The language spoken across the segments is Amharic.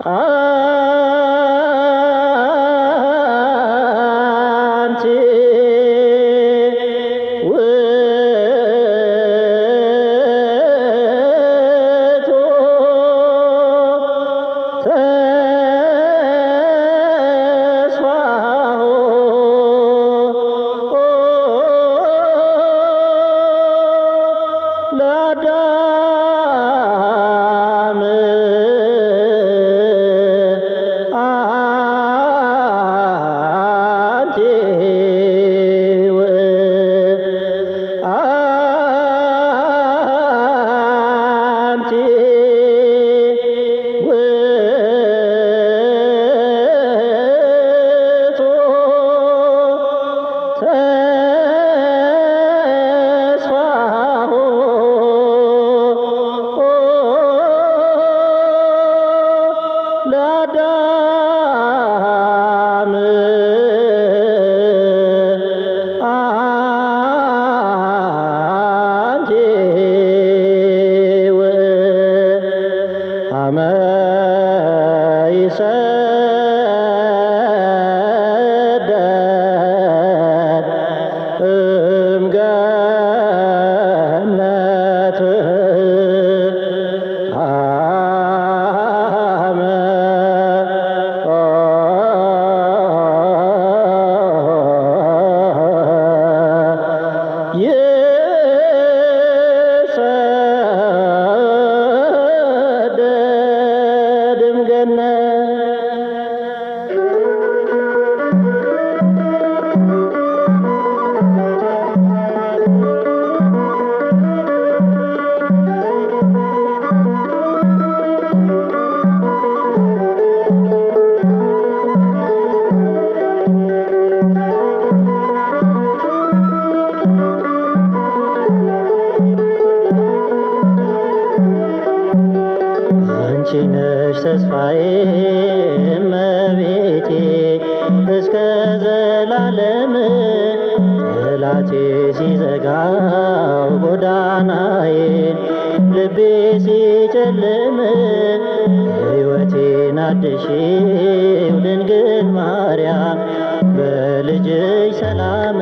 Ah! አንቺነሽ ተስፋዬ መቤቴ እስከ ዘላለም ጠላቴ ሲዘጋው ጎዳናዬን ልቤ ሲጨልም ሕይወቴን አድሽው ድንግል ማርያም በልጅሽ ሰላም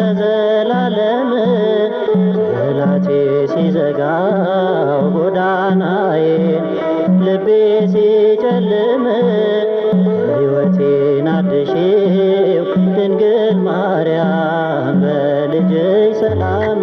ለዘላለም ጠላቴ ሲዘጋው ጎዳናዬን ልቤ ሲጨልም ሕይወቴን አድሼው ድንግል ማርያም በልጅሽ ሰላም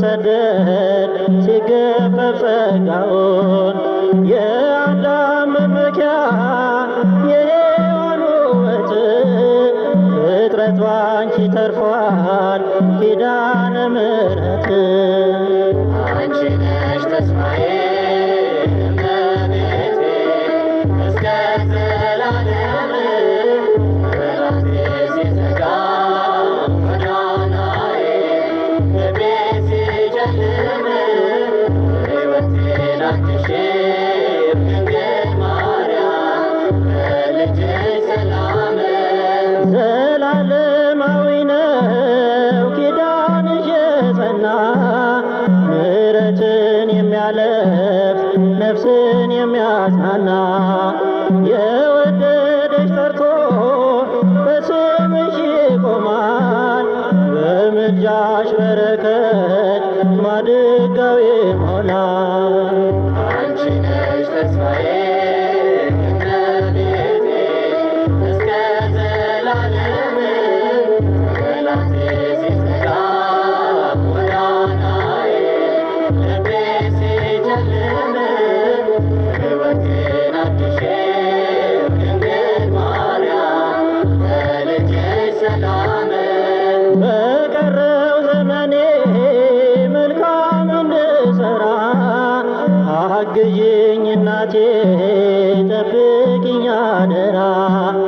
ሰደድ ሲገፈ ጸጋውን የዓለም መመኪያ የሔዋን ውበት ፍጥረት ባንቺ ተርፏል ኪዳነ ምሕረት sana yeah ጠብቅኝ ደራ።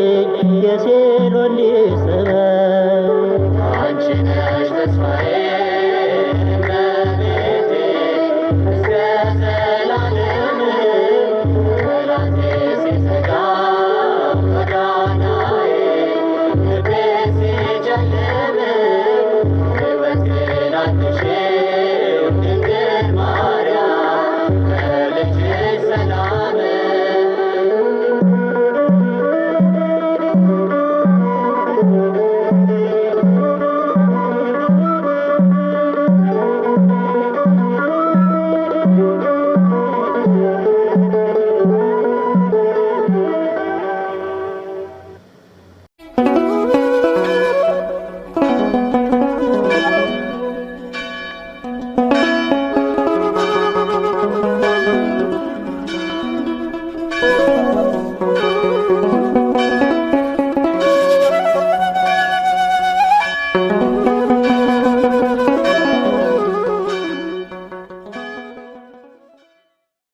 ಗೆಸೆ ಬಲಿಸರ